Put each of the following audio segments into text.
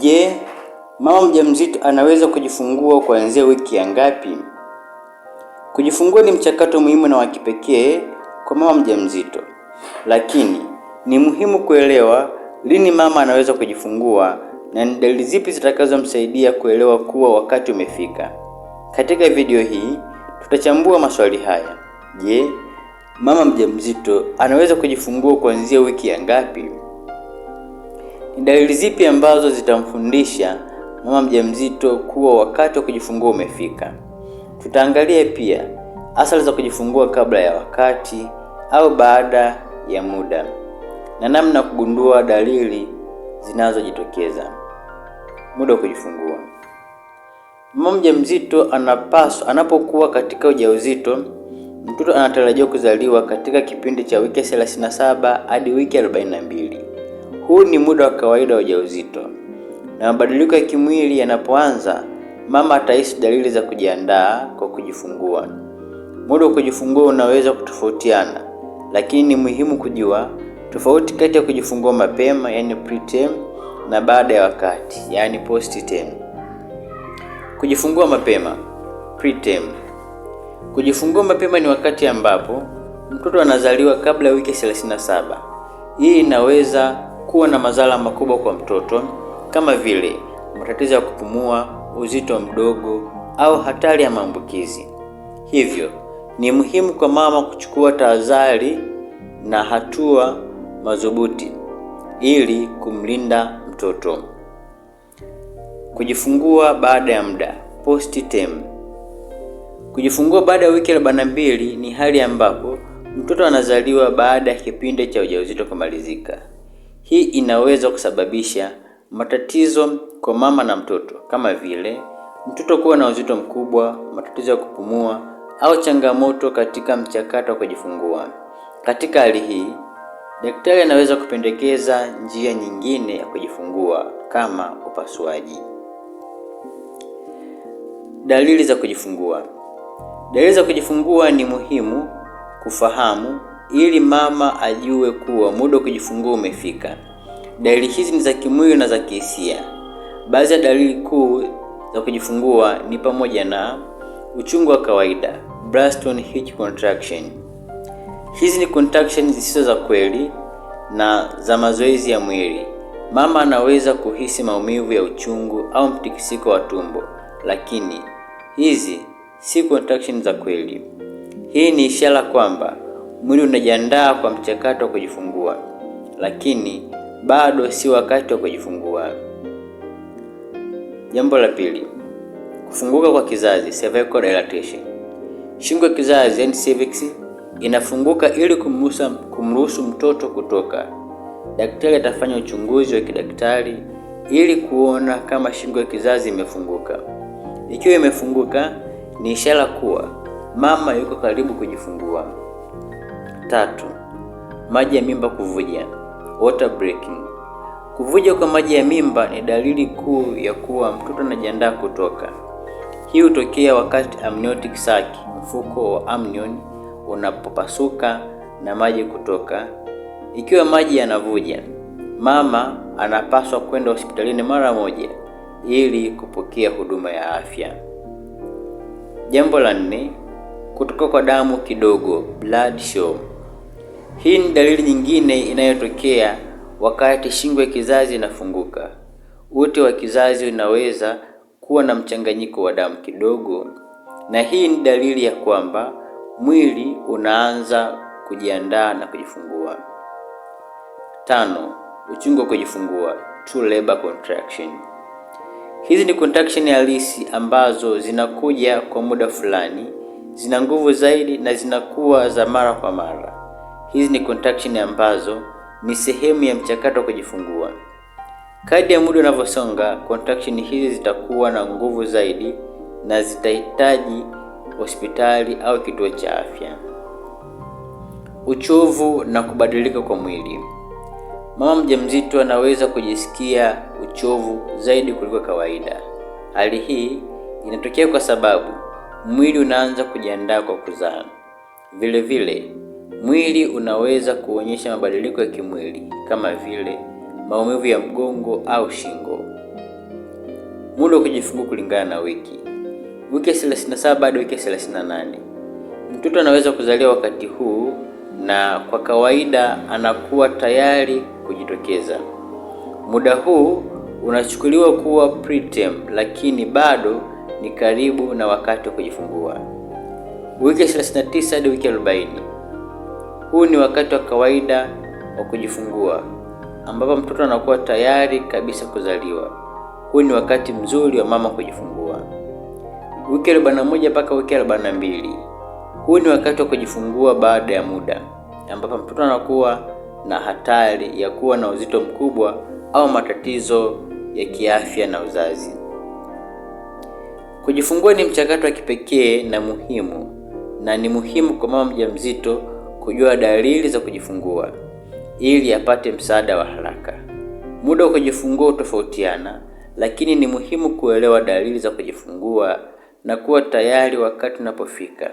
Je, mama mjamzito anaweza kujifungua kuanzia wiki ya ngapi? Kujifungua ni mchakato muhimu na wa kipekee kwa mama mjamzito, lakini ni muhimu kuelewa lini mama anaweza kujifungua na ni dalili zipi zitakazomsaidia kuelewa kuwa wakati umefika. Katika video hii tutachambua maswali haya. Je, mama mjamzito anaweza kujifungua kuanzia wiki ya ngapi? Ni dalili zipi ambazo zitamfundisha mama mjamzito kuwa wakati wa kujifungua umefika? Tutaangalia pia athari za kujifungua kabla ya wakati au baada ya muda na namna ya kugundua dalili zinazojitokeza muda wa kujifungua. Mama mjamzito anapaswa anapokuwa katika ujauzito, mtoto anatarajiwa kuzaliwa katika kipindi cha wiki 37 hadi wiki 42. Huu ni muda wa kawaida wa ujauzito, na mabadiliko ya kimwili yanapoanza, mama atahisi dalili za kujiandaa kwa kujifungua. Muda wa kujifungua unaweza kutofautiana, lakini ni muhimu kujua tofauti kati ya kujifungua mapema yani preterm na baada ya wakati yani postterm. Kujifungua mapema preterm. Kujifungua mapema ni wakati ambapo mtoto anazaliwa kabla ya wiki 37. Hii inaweza kuwa na madhara makubwa kwa mtoto kama vile matatizo ya kupumua, uzito mdogo au hatari ya maambukizi. Hivyo ni muhimu kwa mama kuchukua tahadhari na hatua madhubuti ili kumlinda mtoto. Kujifungua baada ya muda term. Kujifungua baada ya wiki mbili ni hali ambapo mtoto anazaliwa baada ya kipindi cha ujauzito kumalizika. Hii inaweza kusababisha matatizo kwa mama na mtoto kama vile mtoto kuwa na uzito mkubwa, matatizo ya kupumua au changamoto katika mchakato wa kujifungua. Katika hali hii, daktari anaweza kupendekeza njia nyingine ya kujifungua kama upasuaji. Dalili za kujifungua. Dalili za kujifungua ni muhimu kufahamu ili mama ajue kuwa muda wa kujifungua umefika. Dalili hizi ni za kimwili na za kihisia. Baadhi ya dalili kuu za kujifungua ni pamoja na uchungu wa kawaida, Braxton Hicks contraction. Hizi ni contraction zisizo za kweli na za mazoezi ya mwili. Mama anaweza kuhisi maumivu ya uchungu au mtikisiko wa tumbo, lakini hizi si contraction za kweli. Hii ni ishara kwamba mwili unajiandaa kwa mchakato wa kujifungua, lakini bado si wakati wa kujifungua. Jambo la pili, kufunguka kwa kizazi cervical dilatation. Shingo ya kizazi yaani cervix inafunguka ili kumruhusu kumruhusu mtoto kutoka. Daktari atafanya uchunguzi wa kidaktari ili kuona kama shingo ya kizazi imefunguka. Ikiwa imefunguka, ni ishara kuwa mama yuko karibu kujifungua. Tatu, maji ya mimba kuvuja, water breaking. Kuvuja kwa maji ya mimba ni dalili kuu ya kuwa mtoto anajiandaa kutoka. Hii hutokea wakati amniotic sac, mfuko wa amnion, unapopasuka na maji kutoka. Ikiwa maji yanavuja, mama anapaswa kwenda hospitalini mara moja ili kupokea huduma ya afya. Jambo la nne, kutoka kwa damu kidogo, blood show. Hii ni dalili nyingine inayotokea wakati shingo ya kizazi inafunguka. Ute wa kizazi unaweza kuwa na mchanganyiko wa damu kidogo, na hii ni dalili ya kwamba mwili unaanza kujiandaa na kujifungua. Tano, uchungu wa kujifungua, true labor contraction. Hizi ni contraction halisi ambazo zinakuja kwa muda fulani, zina nguvu zaidi na zinakuwa za mara kwa mara. Hizi ni contraction ambazo ni sehemu ya mchakato wa kujifungua. Kadri ya muda unavyosonga, contraction hizi zitakuwa na nguvu zaidi na zitahitaji hospitali au kituo cha afya. Uchovu na kubadilika kwa mwili. Mama mjamzito anaweza kujisikia uchovu zaidi kuliko kawaida. Hali hii inatokea kwa sababu mwili unaanza kujiandaa kwa kuzaa. Vile vile Mwili unaweza kuonyesha mabadiliko ya kimwili kama vile maumivu ya mgongo au shingo. Muda wa kujifungua kulingana na wiki, wiki ya 37 hadi wiki ya 38, mtoto anaweza kuzaliwa wakati huu na kwa kawaida anakuwa tayari kujitokeza. Muda huu unachukuliwa kuwa preterm, lakini bado ni karibu na wakati wa kujifungua. Wiki 39 hadi wiki 40 huu ni wakati wa kawaida wa kujifungua ambapo mtoto anakuwa tayari kabisa kuzaliwa. Huu ni wakati mzuri wa mama kujifungua, wiki arobaini na moja mpaka wiki arobaini na mbili. Huu ni wakati wa kujifungua baada ya muda ambapo mtoto anakuwa na hatari ya kuwa na uzito mkubwa au matatizo ya kiafya na uzazi. Kujifungua ni mchakato wa kipekee na muhimu na ni muhimu kwa mama mjamzito kujua dalili za kujifungua ili apate msaada wa haraka. Muda wa kujifungua hutofautiana, lakini ni muhimu kuelewa dalili za kujifungua na kuwa tayari wakati unapofika.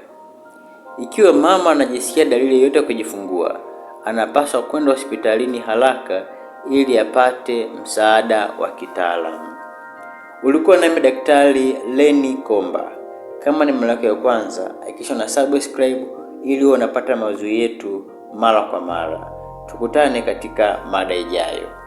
Ikiwa mama anajisikia dalili yoyote ya kujifungua, anapaswa kwenda hospitalini haraka ili apate msaada wa kitaalamu. Ulikuwa nami Daktari Lenny Komba. Kama ni mara yako ya kwanza, hakikisha una subscribe ili huwe unapata maudhui yetu mara kwa mara. Tukutane katika mada ijayo.